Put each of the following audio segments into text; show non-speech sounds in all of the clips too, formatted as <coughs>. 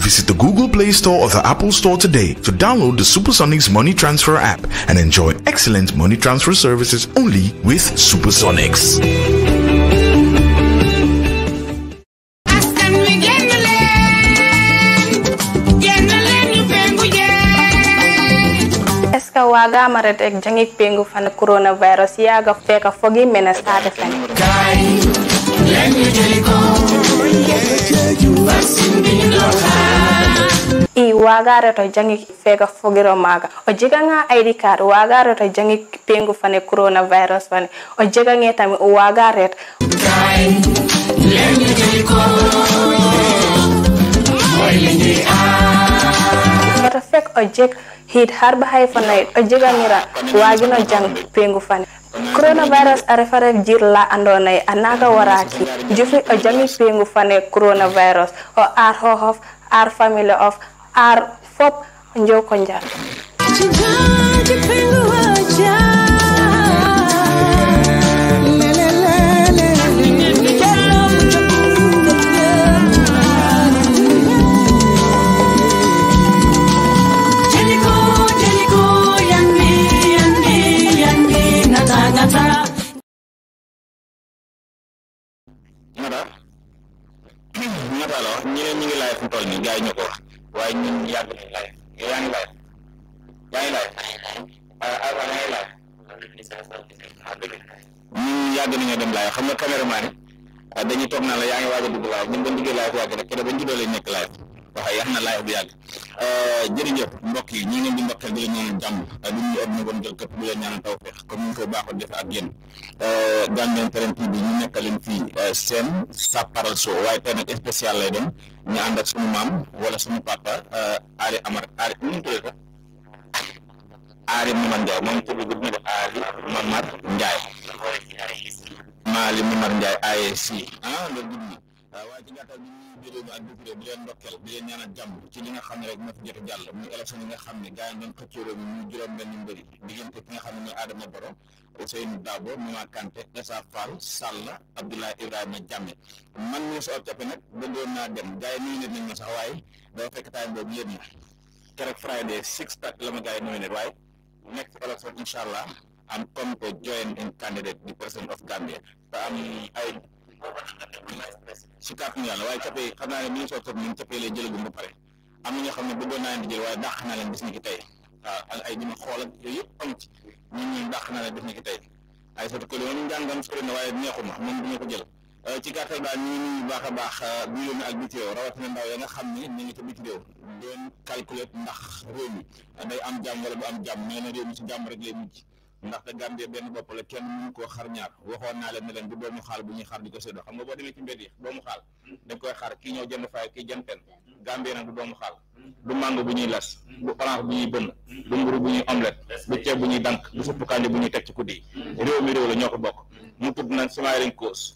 Visit the Google Play Store or the Apple Store today to download the Supersonics Money Transfer app and enjoy excellent money transfer services only with Supersonics. waga maret ek jangik pengu fan coronavirus yaga feka fogi mena sade fan wagare to jangi fega fogero maga o jiga nga ID card wagare to jangi pengu fane coronavirus fane o jiga nga tami wagare Lenye jeliko Moi lenye aaa woto fek hid harba hay fanayit o jegamira wagino jang pengu fane coronavirus a refare jirla andonayi a waraki jufi ojami pengu fane coronavirus o ar hohof ar family of ar fop njow njar ñaata la wax ñu ne ñu ngi laaj yi ñoo ko wax waaye ñun yàgg nañ laaj yaa ngi laa yaa ngi laaj avant yaa ngi laaj ñun yàgg nañoo dem laaj xam nga caméraman dañuy toog naan la yaa ngi waaj a dugg laaj ñun bañ duggee laaj wàcc rek kenn bañ juddoo lañ nekk laaj bahaya yàlla na laay bu yàgg eh, mbokk yi ñu di mbokkee di leen ñaanal jàmm di nuyu ab nagoon jël di leen ñaanal taw feex comme ñu koy baaxoo def ak yéen eh, Gambian Talents ñu eh, spécial lay ñu ak suñu wala suñu papa Amar Ali nu mu tuddee ko Ali Momar Ndiaye moom tudd ah, bi ah loolu gudd na ci jullit ak di tudde di leen ndokkel di leen ñaanal jàmm ci li nga xam ne rek moo fi jot a jàll muy élection yi nga xam ne benn mbëri ki nga Adama Ousseynou Dabo Mama Kanté Essa Fall Sall Abdoulaye Ibrahima Jammeh man mii soo cappe nag bëggoon naa dem gars yi nuyu nañ sax fekk na Friday six tak la ma gars next election inshallah I'm come to join in candidate the president of Gambia. Um, si kàttan yàlla waaye capé xam naa ne ministre octobre ñun capé lay jëlagum ba pare am na ñoo xam ne bëggoon naa leen di jël waaye dàq naa leen bis ni ki tey waaw ak ay xool ak yooyu yëpp ci ñun ñun dàq naa leen bis ni ki tey ay sotti ko loolu njàngoon sori na waaye neexu ma moom du ma ko jël euh, ci kàttal daal ñu ngi nuyu baax a baax ñu euh, yónni ak biti réew rawatina ndaw ya nga xam ni ñu ngi ci biti réew doon calculer ndax réew mi day am jàmm wala du am jàmm nee na réew mi si jàmm rek lay mujj da gambe ben bopp la kenn mu ko xar ñaar waxoon na leen ne len du doomu xal bu ñi xar di ko séddoo xam nga bo demé ci mbéd yi doomu xal dañ koy xar ki ñëw jënd fay ki jënd pen gambe nag du doomu xal du mango bu ñi las du orange bu ñi bënn du mburu bu ñi omelette du ceeb bu ñi dank du suppu kandi bu ñi tek ci kudi rew mi rew la ñoko bokk mu tud nag smiling course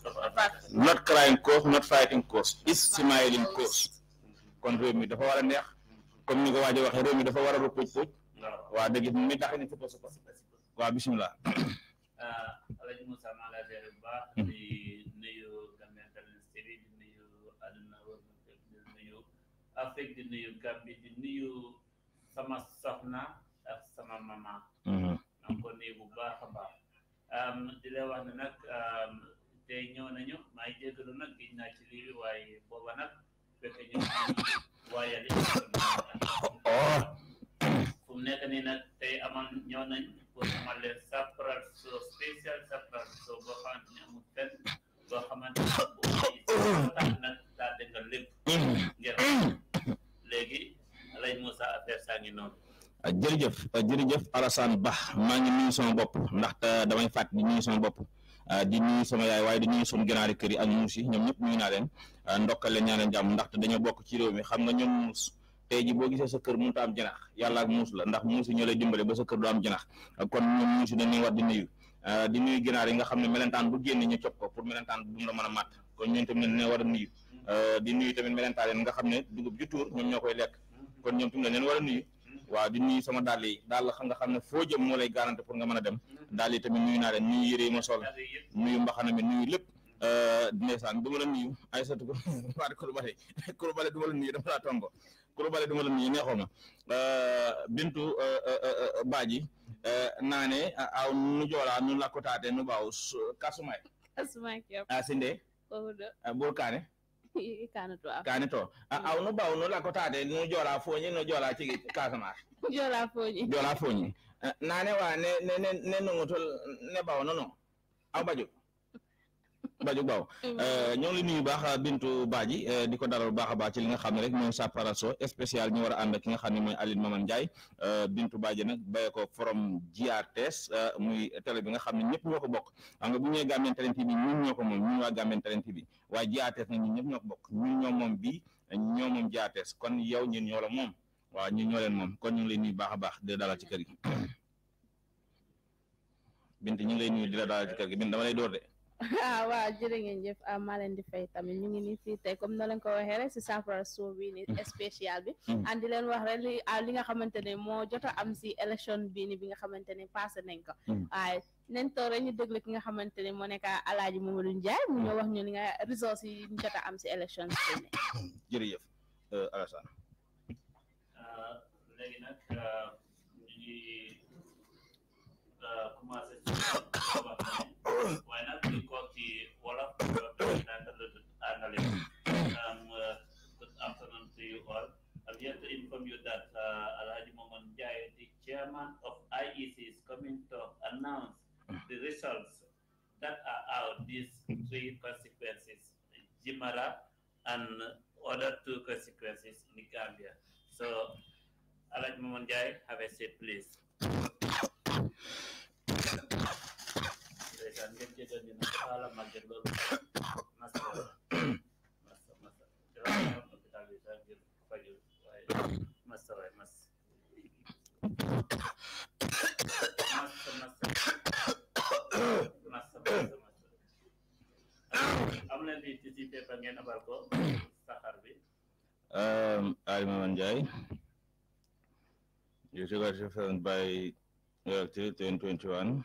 not crying course not fighting course is smiling course kon rew mi dafa wara neex comme ni ko waji waxe rew mi dafa war a ci wa waa mi tax ni suppa suppa waaw bisimilah. Alaaji Moussa maa ngi lay ziare bu baax. di nuyu Gambian Talents TV di nuyu àdduna wër di nuyu Afrique di nuyu Gambie di nuyu sama soxna ak sama mama. Mhm. maa ngi ko nuyu bu baax a baax. di la wax ne nag tey ñëw nañu maa ngi jégalu nag gis naa ci lii waaye booba nag fekk ñu waaye li <coughs> oh. fu mu tey amoon ñëw nañ وعمل سفر سو سپیشل سفر سو بخان نمتن بخمن تا dengar lip legi lay Moussa affaire sangi non jërëjëf jërëjëf Alassane Bah maa ngi nuyu sama bopp ndaxte damay fàtt di nuyu sama bopp ah, di nuyu sama yaay waaye di nuyu suñu ganaari kër yi ak muus yi ñoom ñëpp nuyu naa leen ah, ndokkal leen ñaan leen jàmm ndaxte dañoo bokk ci réew mi xam nga ñoom tey ji boo gisee sa kër mënut a am janax yàlla ak muus la ndax muus yi ñoo lay dimbale ba sa kër du am janax kon ñoom muus yi dañuy war di ah, di nuyu ginaar yi nga xam ne melentaan génn ñu ko pour melentaan bu mu la mën a màtt kon ñoom tamit ne war a nuyu ah, di nuyu tamit melentaan yi nga xam ne dugub ju tuur ñoom ñoo koy lekk kon ñoom tamit leen war a nuyu waaw di nuyu sama dàll yi daal xam nga xam ne foo jëm moo lay garanti pour nga mën a dem daal yi tamit nuyu naa leen nuyu yére yi ma sol nuyu mbaxana mi nuyu lépp ah, ndeysaan du ma la nuyu ay satu <laughs> ko waat Coulibaly Coulibaly <laughs> du ma la kurubale ɗum waɗan yine hono bintu euh, euh, euh, baaji naane aw nu joola nu lakkotaate nu ɓaaw kasumay asinde burkane kane to kane ah, to aw nu ɓaaw nu lakkotaate nu joola fooñi nu joola cigi kasamar <laughs> joola fooñi joola fooñi naane wa ne ne ne nungutol ne ɓaaw nono aw ɓaju Badio Baw iya. eh, ñoo ngi nuyu baax Bintu Badji eh, di ko dalal baax a baax ci li nga xam ne rek mooy Saparal Show spécial ñu war a ak ki nga eh, Bintu Badji nag bàyyi ko from GRTS muy télé bi nga xam ne ñëpp ñoo ko bokk xam nga bu ñu nee Gambian TV ñun ñoo ko moom TV wa GRTS nag ñun ko ñun ñoo moom bii GRTS kon yow ñun ñoo la moom waaw ñun ñoo kon <coughs> ñu ngi lay nuyu baax a baax di dalal ci kër gi Bintu ñu lay nuyu di dalal ci kër gi Bintu dama lay door de <laughs> Ah, waaw jërë ngeen jëf ah, maa leen di fay tamit ñu ngi nii fii tey comme na leen ko waxee rek si saafara suuf bi ni mm. spécial bi mm. andi ah, leen wax rek li li nga xamante ne moo jot a am si élection bii ni bi nga xamante ne passé nañ ko mm. waaye nen toog rek ñu déglu ki nga xamante ne moo nekk Alaaji Mamadou Ndiaye mu wax ñu li nga yi ñu jot a am si élection bi <coughs> jërëjëf euh, Alassane léegi nag euh, ñu ngi euh, commencé <coughs> Wainapikoki, Wallapikoki, the analyst. Um, uh, good afternoon to you all. I'm here to inform you that uh, Alhaji moment, Jai, the chairman of IEC, is coming to announce the results that are out, these three consequences, Jimara and other two consequences in the Gambia. So, Alhaji Momon Jai, have a seat, please. seytaan ngeen jéggal ñu nag xaaral màgget loolu masa masa masa raam hôpital bi sax ngir fajul waaye masa waay mas masa masa masa masa masa am di ci paper ngeen abal ko saxar bi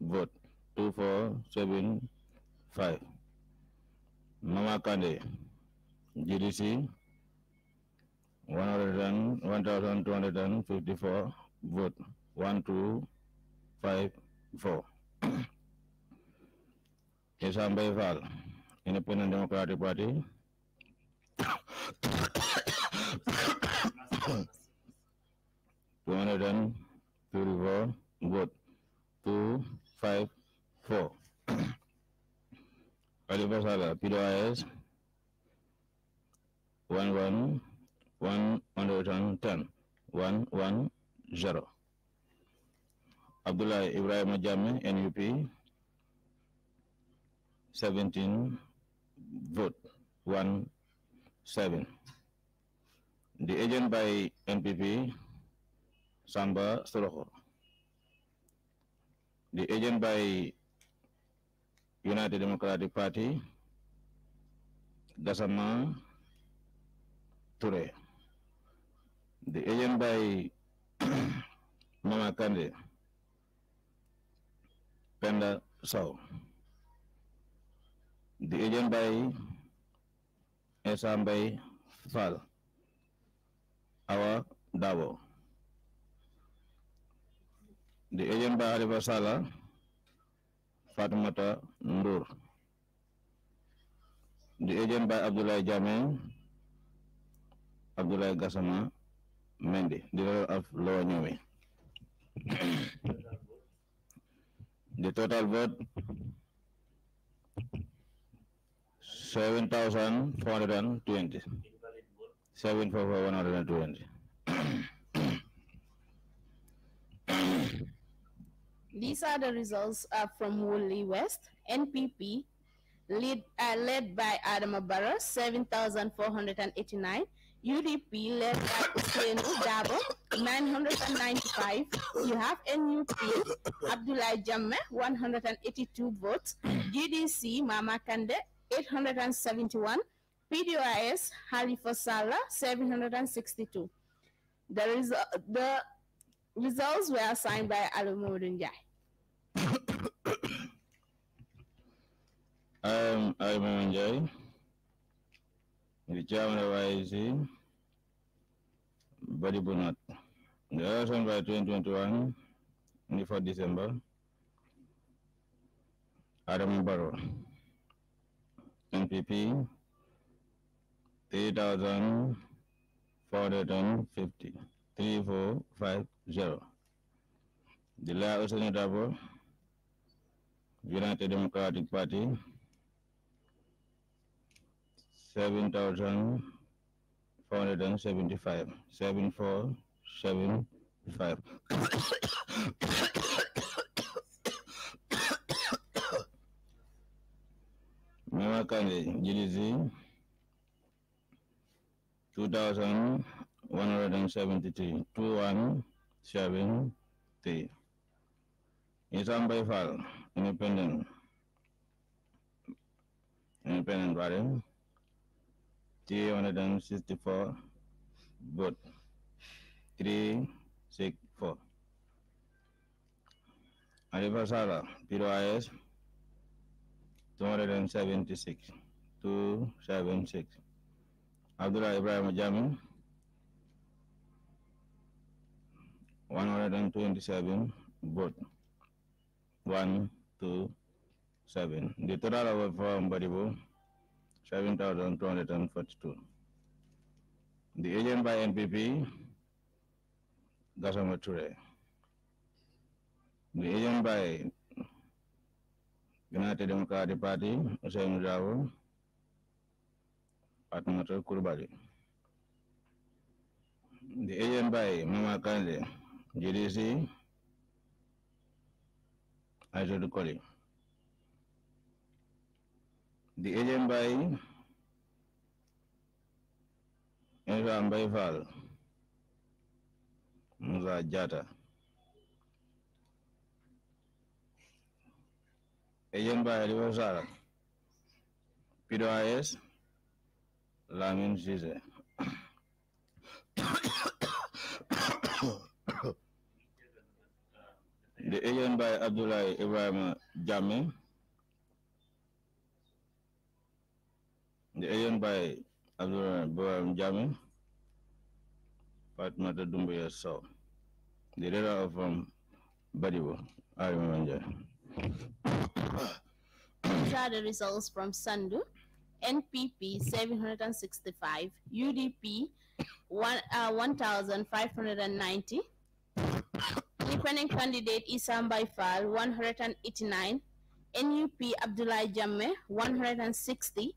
Vote two four seven five GDC 1254 vote 1254 Isam Baival Independent Democratic Party Two vote, two five, four. Alibas Hala, POIS, one, one, one, one Abdullah Ibrahim Ajami, NUP, 17 vote, one, seven. The agent by NPP, Samba Sorokor. the agent by United Democratic Party, Gassama Toure. The agent by <clears throat> Mama Kande, Sow. The agent by Esambay Fal, our Davo. The agent by Arifa Sala, Fatimata Ndur. The agent by Abdullah Jamil, Abdullah Gassama Mendy, Director of Lower Nyomi. the total vote 7,420. 7,420. These are the results uh, from Woolly West, NPP, lead, uh, led by Adama Barros, 7,489. UDP, led by Usainu Dabo, 995. You have NUP, Abdullah Jammeh, 182 votes. GDC, Mama Kande, 871. PDIS, Halifa Salah, 762. The, resu the results were assigned by Alamudunjai. I'm Aiman Njai, Richard Mlawaisi, Body Bonat. The election by 2021, 24 December, Adam Barrow, MPP. 3,450, 3450. The Laos Honorable, United Democratic Party, 7475 Mama Kandi GDZ two thousand one hundred and seventy three two one seven three Isam Baifal Independent Independent Guardian three hundred and sixty-four vote. Three six four. Arifa Sala, Piro IS, 276, 276. Abdullah Ibrahim Jamin, 127 vote. One two seven. The total of Baribo, 7,242. The agent by NPP, Gassama Ture. The agent by United Democratic Party, Hussein Jawo, Atmato Kurubali. The agent by Mama Kande, GDC, Ajodukoli the agent by Iran by Val Musa Jata. Agent by Riversara Pido IS Lamin Zizek. the agent by Abdullah Ibrahim Jammeh The by Jami, Fatma the leader of um, These are the results from Sandu. NPP 765, UDP 1, uh, 1590, independent candidate Isam Baifal 189, NUP Abdullah Jammeh 160,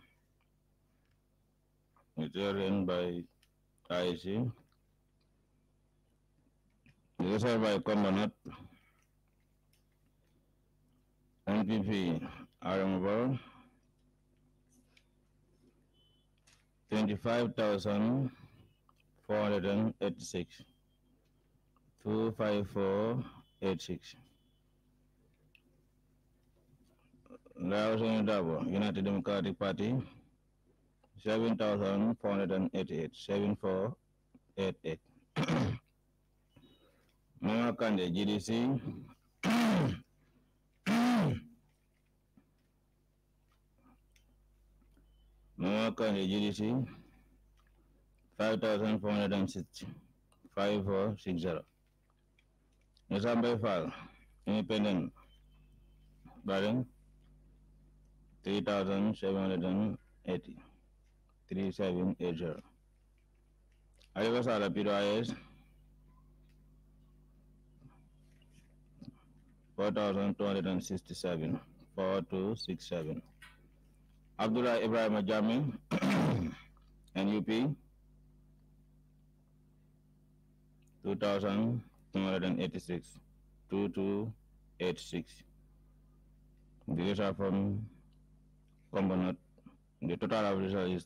Nigerian by IC. User by Combinat. NPP Aramabal. 25,486. 25486. Laos and United Democratic Party eighty-eight. Seven four, eight eight. <coughs> Mama Kande GDC. <coughs> Mama Kande GDC. Five thousand four hundred and sixty. Five four six zero. Nizambe file. Independent. Barren. Three thousand seven hundred and eighty three seven eight zero. Arriba Sara Piroa 4267. 4267. Abdullah Ibrahim Ajami, <coughs> NUP 2286. 2286. These are from Component. The total of result is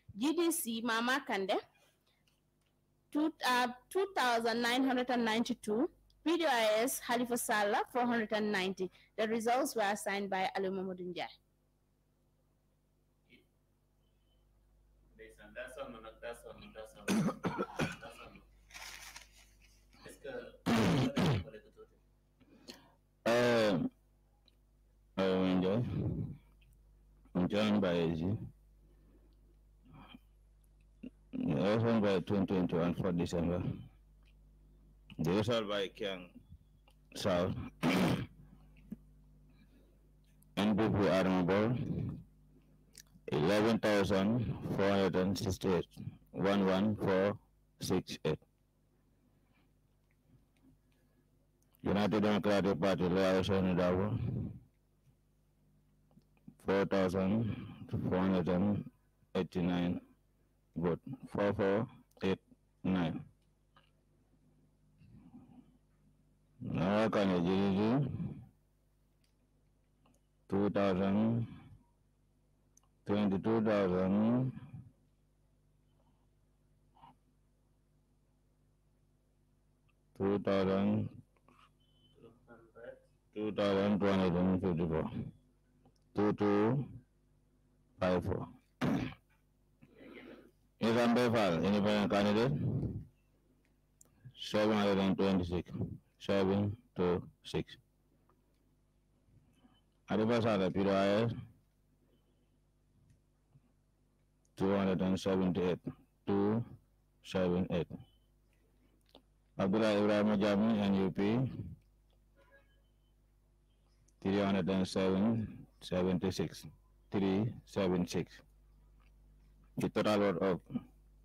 GDC Mama Kande, two, uh, 2,992. Video IS Halifa Sala, 490. The results were signed by Aluma Mudunjai. That's that's that's <coughs> That's I am joined by I was by 2021 for December. The result by Kiang South. <coughs> NPP Armable 11,468 11468. United Democratic Party Laos and 4,489 Good. Four, four, eight, nine. Naraka Nijiriju, 2000, 22,000, Two thousand, two thousand two hundred and fifty-four, two two five four. Evan Beval, independent candidate. Seven hundred and twenty-six. Seven to six. Adivasada Peter Ayers. Two hundred and seventy-eight. Two seven eight. Abdullah Ibrahim Jami NUP. Three hundred and seven seventy-six. Three seven six. itu Lord of oh,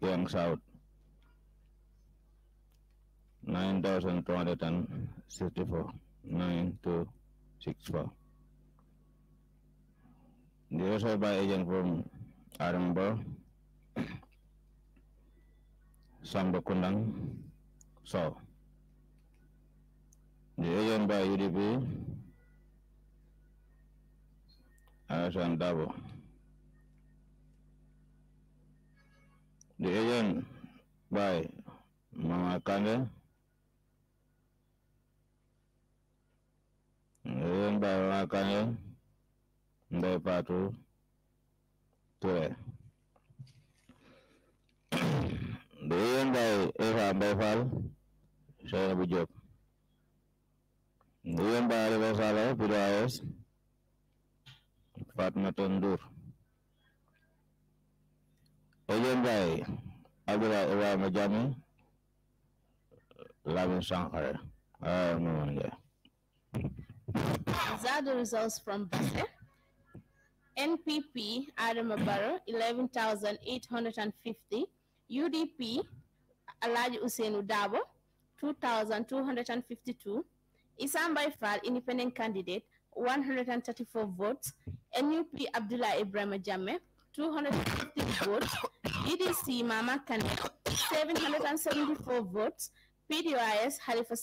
yang South 9264 9264 saya by agent from Arambur Sambakundang South Dia agent by UDP Asan The agent by Mama Kanda. Agent by Mama Kanda. By Patu. Ture. the agent by Eva fal Saya bujuk, dia yang agent by Eva Salah, Pido Ayes. Fatma Oyenbay Abdullah oh, Ibrahim Ajami Lavin Shankar. Uh, no one These are the results from Basel. NPP Adam Abaro 11,850. UDP Alaji Usain Udabo 2,252. Isambai Fal, independent candidate, 134 votes. NUP Abdullah Ibrahim Ajame 250 votes, DDC Mama Kanek 774 votes, PDIS Halifa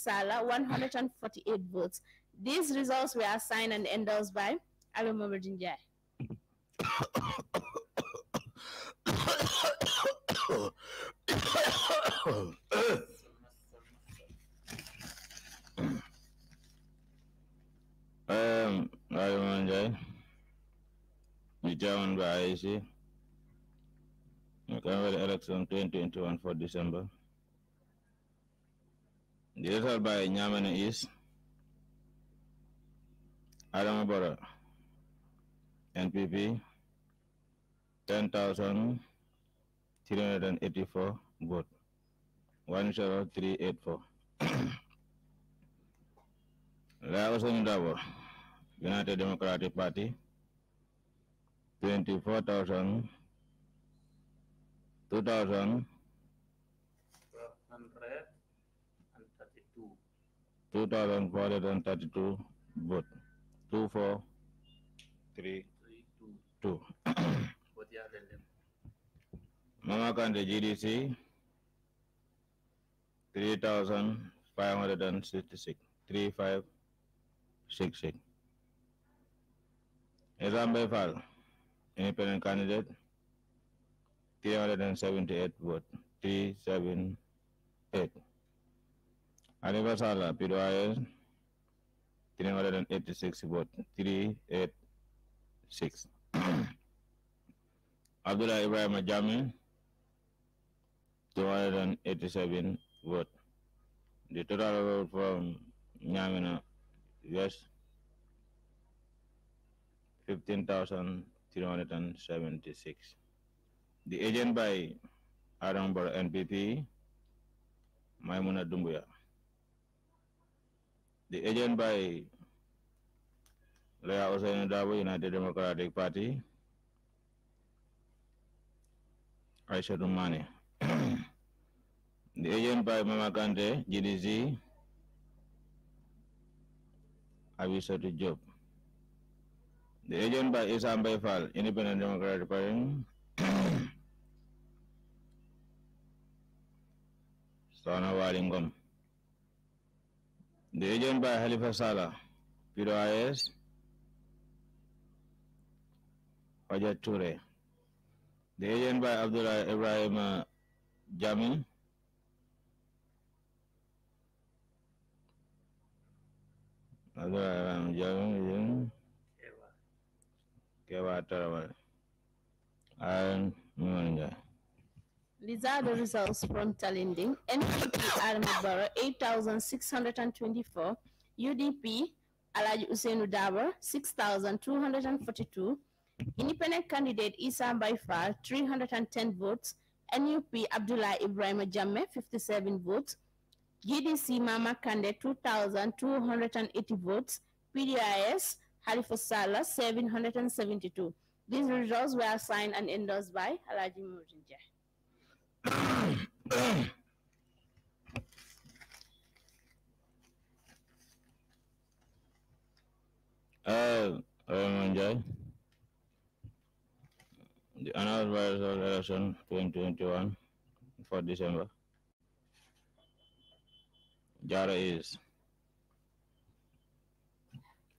148 votes. These results were signed and endorsed by Aloma Virginjai. um, Aloma Nijawan Ba'aisi, November election 2021 for December. The by Nyamani is Adam Abora, NPP, 10,384 vote, 10384. Laos Ndabo, United Democratic Party, twenty-four thousand, two thousand, hundred and thirty-two. Two thousand four hundred and thirty-two vote. Two four, three, three two. two. Mama Country GDC, three thousand five hundred and sixty-six, three five six six. Example file. independent candidate 378 vote 378 Aliba Sala PDIS 386 vote 386 <clears throat> Abdullah Ibrahim Ajami 287 vote the total vote from Nyamina yes 15,000 376. The agent by Arambar NPP, Maimuna Dumbuya. The agent by Leah Osain Dabo, United Democratic Party, Aisha Dumani. the agent by Mama Kante, GDC, Abisatu Job. The agent by Isa Mbaifal, Independent Democratic Party. Sana Walingom. The agent by Halifa Salah, PDOIS. Fajat Ture. The agent by Abdullah Ibrahim uh, Jami. Abdullah Ibrahim Jami. and These are the results from Talinding. NPP Aramubara 8,624. UDP Alaji Usainu 6,242. Independent candidate Isam Baifal 310 votes. NUP Abdullah Ibrahim Jamme 57 votes. GDC Mama Kande 2,280 votes. PDIS Halifa 772. These results were signed and endorsed by Alaji Mujinja. uh, um, the annual vice election 2021 for December. Jara is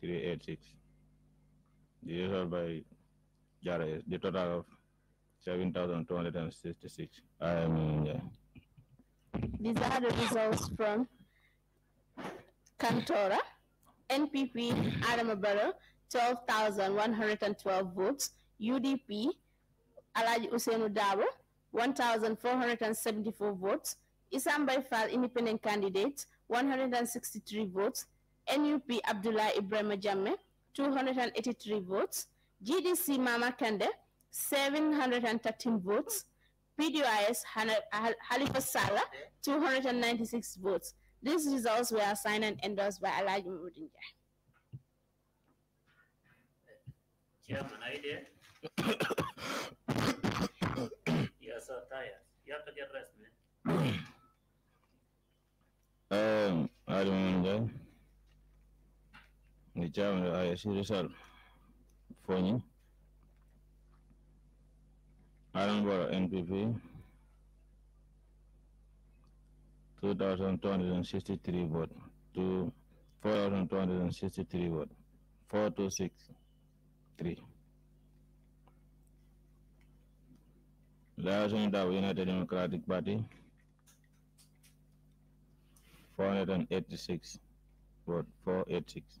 386. The are by Jares, the total of 7,266. I mean, yeah. These are the results from Cantora, NPP, Adamabara, 12,112 votes, UDP, Alaji Usainu Dabo, 1,474 votes, Isambay Fal, independent candidate, 163 votes, NUP Abdullah Ibrahim Jamme, 283 votes. GDC Mama Kande, 713 votes. PDIS Halifa Salah, 296 votes. These results were signed and endorsed by Alaj Mudinja. Chairman, are you there? <coughs> you so tired. You have to get rest, man. Um, I don't know. Nicham Ayashir Sal Foni Arambara NPV 2,263 vote to 4,263 vote 4263 Liaison Dawa United Democratic Party 486 vote 486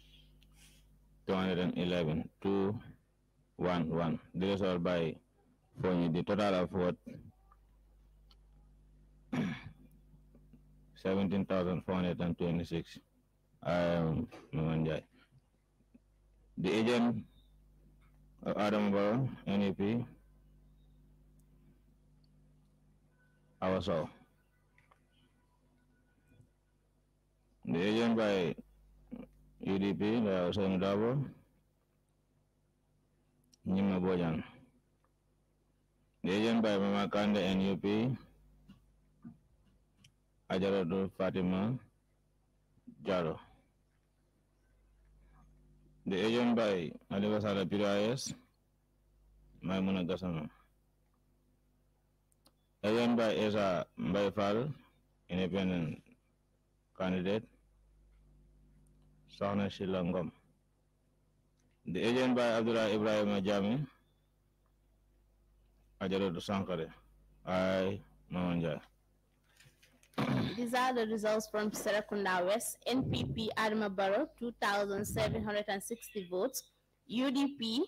211, 211. This is all by for you. The total of what? <coughs> 17,426. Um, the agent uh, Adam Barrow, NEP, ourselves. The agent by UDP la Usai Dabo Nyima Bojan dejan by Mama Kanda NUP Do Fatima Jaro The agent by sala Pirayas Maimuna Gasana Agent by Esa Mbaifal Independent Candidate Sohna The agent by Abdullah Ibrahim Ajami, I, Mamanja. These are the results from Serakunda West. NPP Adama Barrow, 2,760 votes. UDP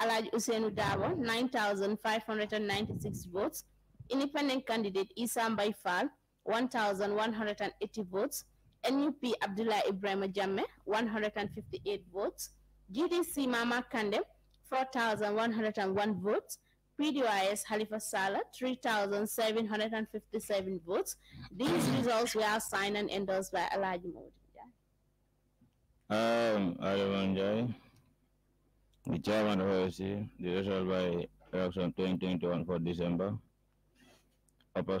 Alaj Usenudawa, 9,596 votes. Independent candidate Isam Baifal, 1,180 votes. NUP Abdullah Ibrahim Jame 158 votes. GDC Mama Kandem, 4,101 votes. PDYS Halifa Salah, 3,757 votes. These results were signed and endorsed by Alaji Modi. Um, Alamanjai, the chairman of OSC, the result by election 2021 for December, Upper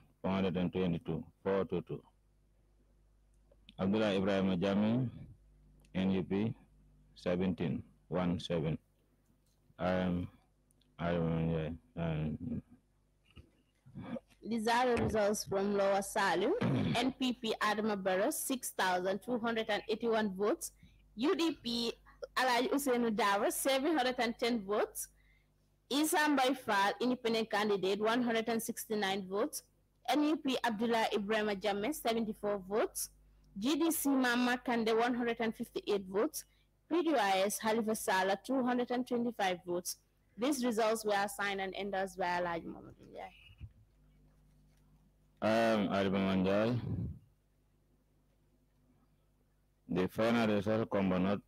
422, 422. Abdullah Ibrahim Jami, NUP 17, 17. I am, I am, These uh, um, are the results from Lower Salu. <coughs> NPP Adama Barrow, 6,281 votes. UDP Alaj Usainu Dawa, 710 votes. Isam Baifal, independent candidate, 169 votes. NUP Abdullah Ibrahim Jamme, 74 votes. GDC Mama Kande, 158 votes. PDIS Halifa Sala, 225 votes. These results were signed and endorsed by Alaj Mohamed i Manjai. The final result combined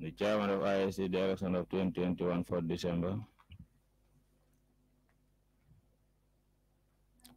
the chairman of ISC election of 2021 for December.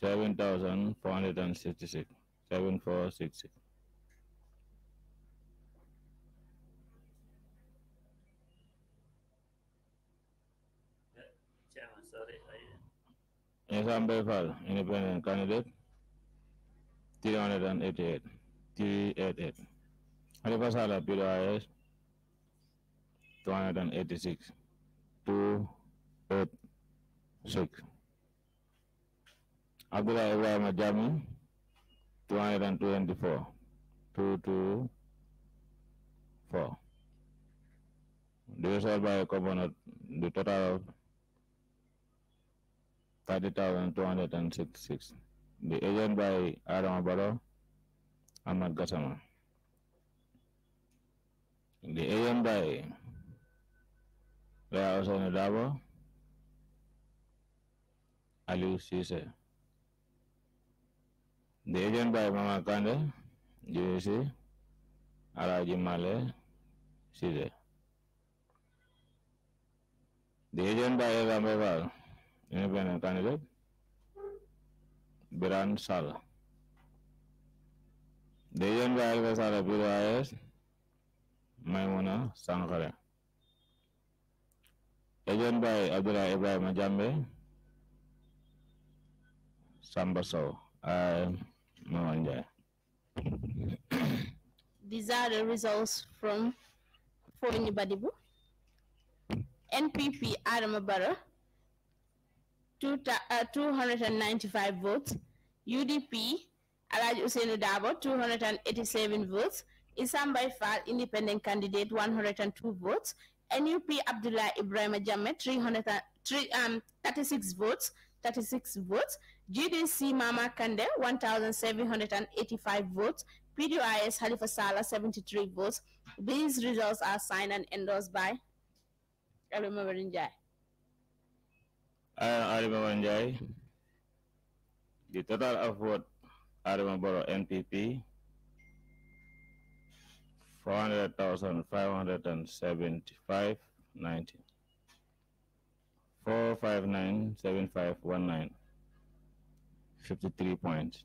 seven thousand four hundred and sixty six seven four six six. Chairman, sorry, I. Yes, I'm independent candidate, Three hundred and eighty-eight. Three eighty-eight. three hundred and eighty eight, three eight eight. Alifasala Two hundred and eighty-six. Two eight six. Abdullah Ibrahim Ajami, 224. 224. Divided by a component, the total 30,266. The agent by Adam Abaro, Ahmad Gassama. The agent by Rea Osanadabo, Ali Sise. Diajen by Mama Kande, JC, Araji Male, Side. Diajen by Ramewal, kande candidate, Biran Sala. Diajen by Alga Sala, Biro IS, Maimuna Sankara. Agent by Abdullah Ibrahim Jambe, Sambaso. These are the results from for Badibu. NPP Adam Abara, two, uh, 295 votes. UDP Alaj Usainu Dabo, 287 votes. Isam Baifal, independent candidate, 102 votes. NUP Abdullah Ibrahim Jamet, 336 um, 36 votes. 36 votes. GDC Mama Kande, 1,785 votes. PDIS Halifa Salah 73 votes. These results are signed and endorsed by Alimaba Njai. I am Njai. The total of vote Adama Borough NPP 400,575.19. 4597519. 53 points.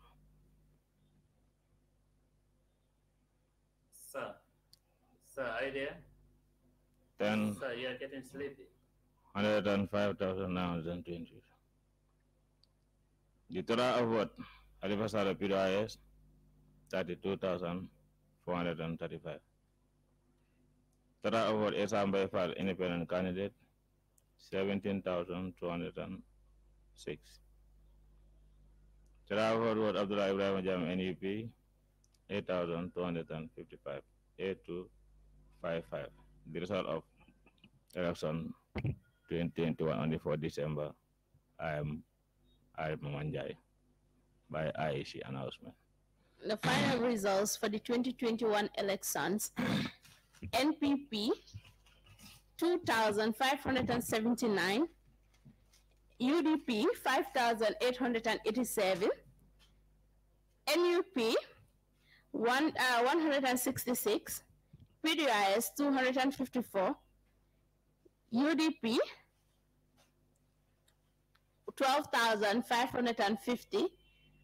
idea? Then Sir, you are getting sleepy. 105,920. The total of what? Anniversary period P. I. S. Thirty-two 32,435. Total of what is by far independent candidate 17,206. Total of what Abdullah Ibrahim Jam NEP 8,255. two hundred and 8255 five. The result of election 2021 on the 4th December, I am Arif Mamanjai by IEC announcement. The final results for the 2021 elections, NPP 2,579, UDP 5,887, NUP 1, uh, 166, PDIS 254, UDP 12,550.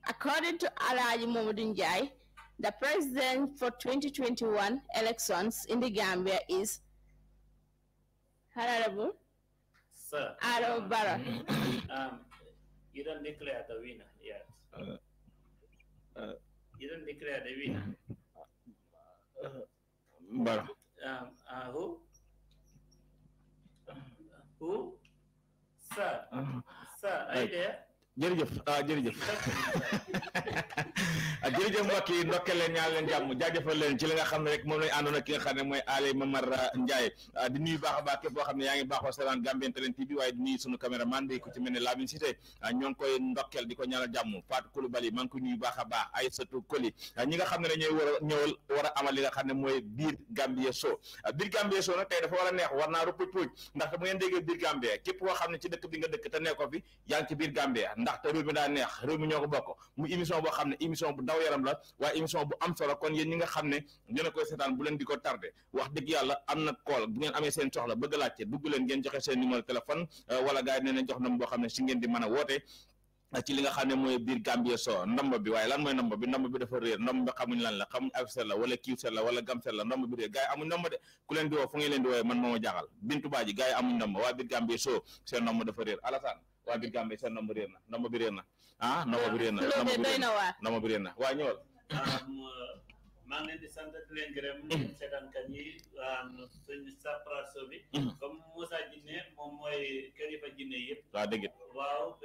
According to Alaji Jai, the president for 2021 elections in the Gambia is Honorable Sir Aro um, Barra. <coughs> um, you don't declare the winner yet. Uh, uh, you don't declare the winner. Uh, Bar. Uh, uh, who? Who? Sir. Sir, are you there? jërëjëf ah jërëjëf <laughs> ah jërëjëf mbokk yi ndokkeel leen ñaan leen jàmm jaajëfal leen ci li nga xam ne rek moom lañ àndoon ak ki nga xam ne mooy Aly Momar Ndiaye ah, di nuyu baax a baax képp boo xam ne yaa ngi baaxoo seetaan Gambian Talents TV waaye di nuyu sunu caméraman bi ku ci mel ne Lamine Cité ah, ñoo ngi koy ndokkeel di ko ñaanal jàmm Fatou Coulibaly maa ngi ko nuyu baax a baax Aïssatou Koli ah, ñi nga xam ne dañuy war a ñëwal war a amal li nga xam ne mooy biir Gambia Show biir Gambia soo nag tey dafa war a neex war naa ruppuj puuj ndax bu ngeen déggee biir Gambia képp koo xam ne ci dëkk bi nga dëkk te ko bi yaa ngi ci biir Gambia ndax te réew mi daa neex réew mi ñoo ko bokk mu émission boo xam ne émission bu daw yaram la waaye émission bu am solo kon yéen ñi nga xam ne dina koy seetaan bu leen di ko tardé wax dëgg yàlla am na kool bu ngeen amee seen soxla bëgg laajte dugg leen ngeen joxe seen numéro téléphone euh, wala gars yi dinañ jox nam boo xam ne si ngeen di mën a woote euh, ci li nga xam ne mooy biir Gambie soo ndomba bi waaye lan mooy ndomba bi ndomba bi dafa réer ndomba xamuñ lan la xamuñ afsel la wala kiiwsel la wala gamsel la ndomba bi réer gars yi amuñ ndomba de leen di woo fu ngeen leen di woowee man moo ma jaaxal bintu baaji gars yi amuñ waa biir Gambie seen nombre réer na nombre ah nombre bi réer na loolu de doy na waa nombre bi réer na waa ñëwal maa ngi leen di sant di bi comme Moussa Jinne moom mooy kilifa jinne yëpp waa waaw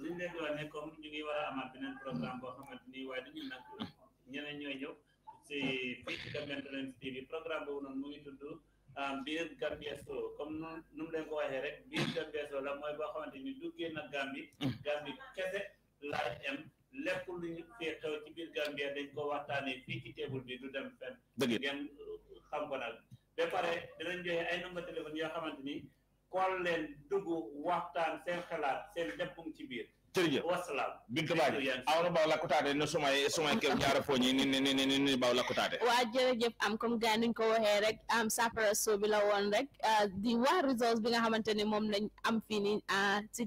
leen ne comme ñu ngi programme dañu ñeneen si fii ci Gambian TV programme boobu noonu mu ngi biir Gambia Show comme nu mu leen ko waxee rek biir Gambia Show la mooy boo xamante ni du génn ak Gambi mm. kese laay am lépp lu xew ci biir Gambia dañ ko waxtaanee fii ci table bi du dem fenn ngeen uh, xam ko nag ba pare dinañ joxe ay numéro téléphone yoo xamante ni kool leen dugg waxtaan seen xalaat seen lépp ci biir jërëjëf wasalaam Binta Badji awna baw lakkutaate no sumay sumay ñaara fooñi ni ni waa jërëjëf am comme gars nuñ ko rek am safara soo la woon rek ah, di wax results bi nga xamante ne moom lañ am fii a ah, ci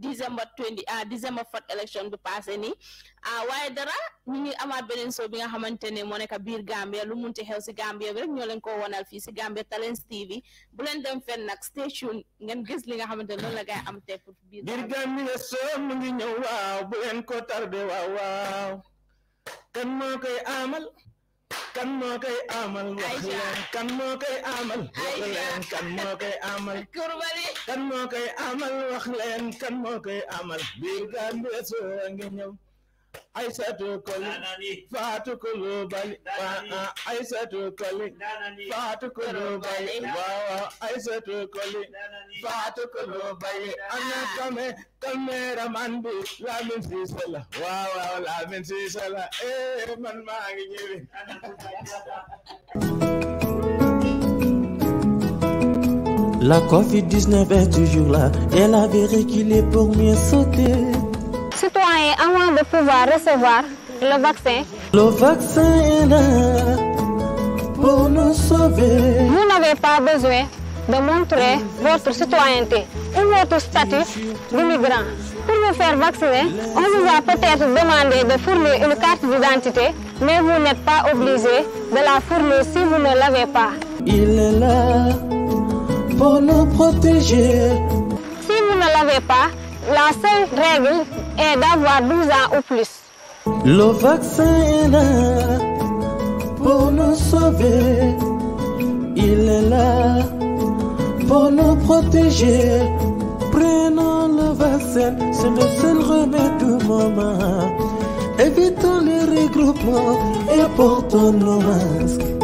December 20 ah December fourth election bi passé nii ah waaye dara ñu ngi amaat beneen show bi nga xamante ne moo nekk biir Gambia lu munti xew si Gambia bi rek ñoo leen ko wonal fii si Gambia Talents TV bu leen dem fenn nag stay tuned ngeen gis li nga xamante ne noonu la gaay am teg biir Gambia show mu ngi ñëw waaw bu leen ko tardé waaw waaw kan moo koy amal kan moo koy amal wax leen kan moo amal wax leen kan moo amal wax leen kan moo amal biir Gambie soo ngi ñëw aisatu koli fatu kulubali aisatu koli fatu kulubali wawa aisatu koli fatu kulubali ana kame kamera mandi lamin sisala wawa lamin sisala eh man magi ñewi La COVID-19 est toujours là, et la vérité qu'il est pour mieux sauter avant de pouvoir recevoir le vaccin. Le vaccin est là pour nous sauver. Vous n'avez pas besoin de montrer votre citoyenneté ou votre statut d'immigrant. Pour vous faire vacciner, on vous a peut-être demandé de fournir une carte d'identité, mais vous n'êtes pas obligé de la fournir si vous ne l'avez pas. Il est là pour nous protéger. Si vous ne l'avez pas, la seule règle est d'avoir 12 ans ou plus. Le vaccin est là pour nous sauver. Il est là pour nous protéger. Prenons le vaccin, c'est le seul remède du moment. Évitons les regroupements et portons nos masques.